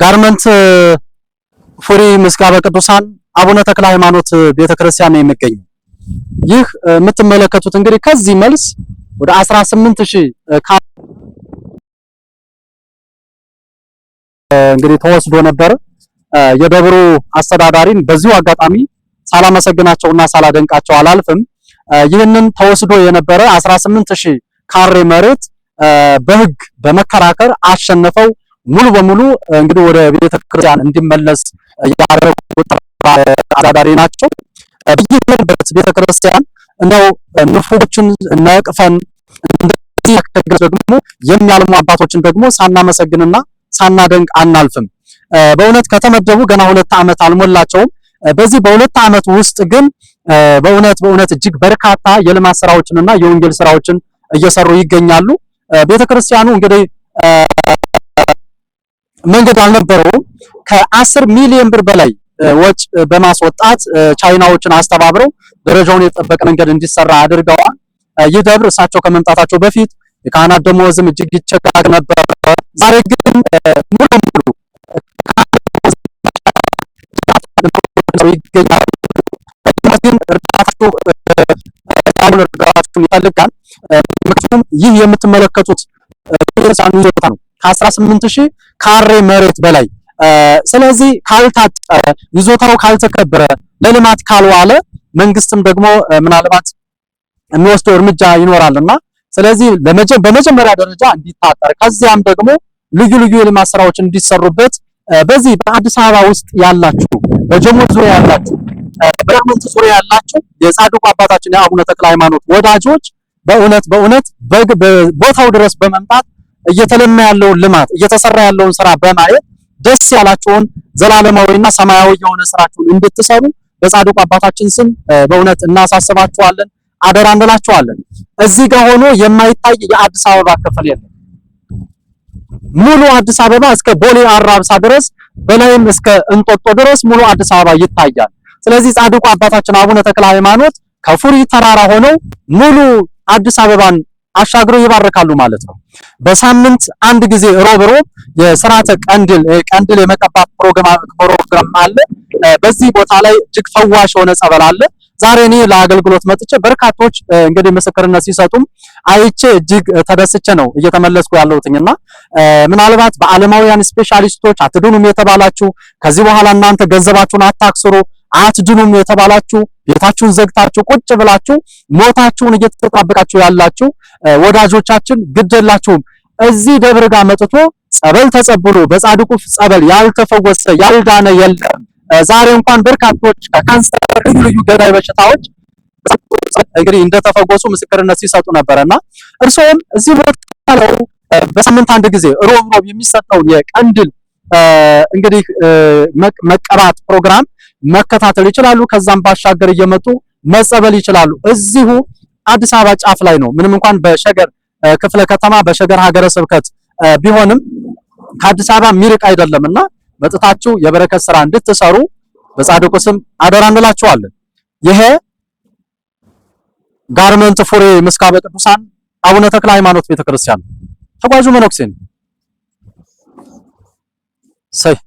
ጋርመንት ፉሪ ምስጋበ ቅዱሳን አቡነ ተክለ ሃይማኖት ቤተክርስቲያን ነው የሚገኘው። ይህ የምትመለከቱት እንግዲህ ከዚህ መልስ ወደ 18000 እንግዲህ ተወስዶ ነበር። የደብሩ አስተዳዳሪን በዚሁ አጋጣሚ ሳላመሰግናቸውና ሳላደንቃቸው አላልፍም። ይህንን ተወስዶ የነበረ 18000 ካሬ መሬት በህግ በመከራከር አሸንፈው ሙሉ በሙሉ እንግዲህ ወደ ቤተ ክርስቲያን እንዲመለስ ያደረጉ አዛዳሪ ናቸው። ቤተ ክርስቲያን ነው ንፉጎችን ነቅፈን እንደዚህ ያከግረ ደግሞ የሚያልሙ አባቶችን ደግሞ ሳናመሰግንና ሳናደንቅ አናልፍም። በእውነት ከተመደቡ ገና ሁለት ዓመት አልሞላቸውም። በዚህ በሁለት ዓመት ውስጥ ግን በእውነት በእውነት እጅግ በርካታ የልማት ስራዎችንና የወንጌል ስራዎችን እየሰሩ ይገኛሉ። ቤተክርስቲያኑ እንግዲህ መንገድ አልነበረውም። ከአስር ሚሊዮን ብር በላይ ወጭ በማስወጣት ቻይናዎችን አስተባብረው ደረጃውን የጠበቀ መንገድ እንዲሰራ አድርገዋል። ይህ ደብር እሳቸው ከመምጣታቸው በፊት የካህናት ደሞዝም እጅግ ይቸጋግ ነበረ። ዛሬ ግን ሙሉ ሙሉ ይገኛል። እርዳታችሁ ይፈልጋል። ምክንያቱም ይህ የምትመለከቱት ይዞታ ነው ከ18 ሺህ ካሬ መሬት በላይ ስለዚህ ካልታጠረ ይዞታው ካልተከበረ ለልማት ካልዋለ መንግስትም ደግሞ ምናልባት የሚወስደው እርምጃ ይኖራልና ስለዚህ በመጀመሪያ ደረጃ እንዲታጠር ከዚያም ደግሞ ልዩ ልዩ የልማት ስራዎች እንዲሰሩበት በዚህ በአዲስ አበባ ውስጥ ያላችሁ በጀሞ ዙሪያ ያላችሁ በዳመንት ዙሪያ ያላችሁ የጻድቁ አባታችን የአቡነ ተክለ ሃይማኖት ወዳጆች በእውነት በእውነት ቦታው ድረስ በመምጣት እየተለማ ያለውን ልማት እየተሰራ ያለውን ስራ በማየት ደስ ያላችሁን ዘላለማዊና ሰማያዊ የሆነ ስራችሁን እንድትሰሩ በጻድቁ አባታችን ስም በእውነት እናሳስባችኋለን፣ አደራ እንላችኋለን። እዚህ ጋር ሆኖ የማይታይ የአዲስ አበባ ክፍል የለም። ሙሉ አዲስ አበባ እስከ ቦሌ አራብሳ ድረስ በላይም እስከ እንጦጦ ድረስ ሙሉ አዲስ አበባ ይታያል። ስለዚህ ጻድቁ አባታችን አቡነ ተክለ ሃይማኖት ከፉሪ ተራራ ሆነው ሙሉ አዲስ አበባን አሻግረው ይባርካሉ ማለት ነው። በሳምንት አንድ ጊዜ ሮብ ሮብ የስርዓተ ቀንድል ቀንድል የመቀባት ፕሮግራም አለ። በዚህ ቦታ ላይ እጅግ ፈዋሽ የሆነ ጸበል አለ። ዛሬ እኔ ለአገልግሎት መጥቼ በርካቶች እንግዲህ ምስክርነት ሲሰጡም አይቼ እጅግ ተደስቼ ነው እየተመለስኩ ያለሁትኝና ምናልባት በዓለማውያን ስፔሻሊስቶች አትድኑም የተባላችሁ ከዚህ በኋላ እናንተ ገንዘባችሁን አታክስሩ አትድኑም የተባላችሁ ቤታችሁን ዘግታችሁ ቁጭ ብላችሁ ሞታችሁን እየተጠባበቃችሁ ያላችሁ ወዳጆቻችን ግድ የላችሁም እዚህ ደብር ጋር መጥቶ ጸበል ተጸብሎ በጻድቁ ጸበል ያልተፈወሰ ያልዳነ የለም። ዛሬ እንኳን በርካቶች ከካንሰር ልዩ ልዩ ገዳይ በሽታዎች እንግዲህ እንደተፈወሱ ምስክርነት ሲሰጡ ነበርና እርስዎም እዚህ ቦታ ላይ በሳምንት አንድ ጊዜ ሮብ ሮብ የሚሰጠውን የቀንድል እንግዲህ መቀባት ፕሮግራም መከታተል ይችላሉ። ከዛም ባሻገር እየመጡ መጸበል ይችላሉ። እዚሁ አዲስ አበባ ጫፍ ላይ ነው። ምንም እንኳን በሸገር ክፍለ ከተማ በሸገር ሀገረ ስብከት ቢሆንም ከአዲስ አበባ ሚርቅ አይደለምና መጥታችሁ የበረከት ስራ እንድትሰሩ በጻድቁ ስም አደራ እንላችኋለን። ይሄ ጋርመንት ፉሬ ምስካበ ቅዱሳን አቡነ ተክለ ሃይማኖት ቤተክርስቲያን ተጓዙ መነኩሴ ሰይ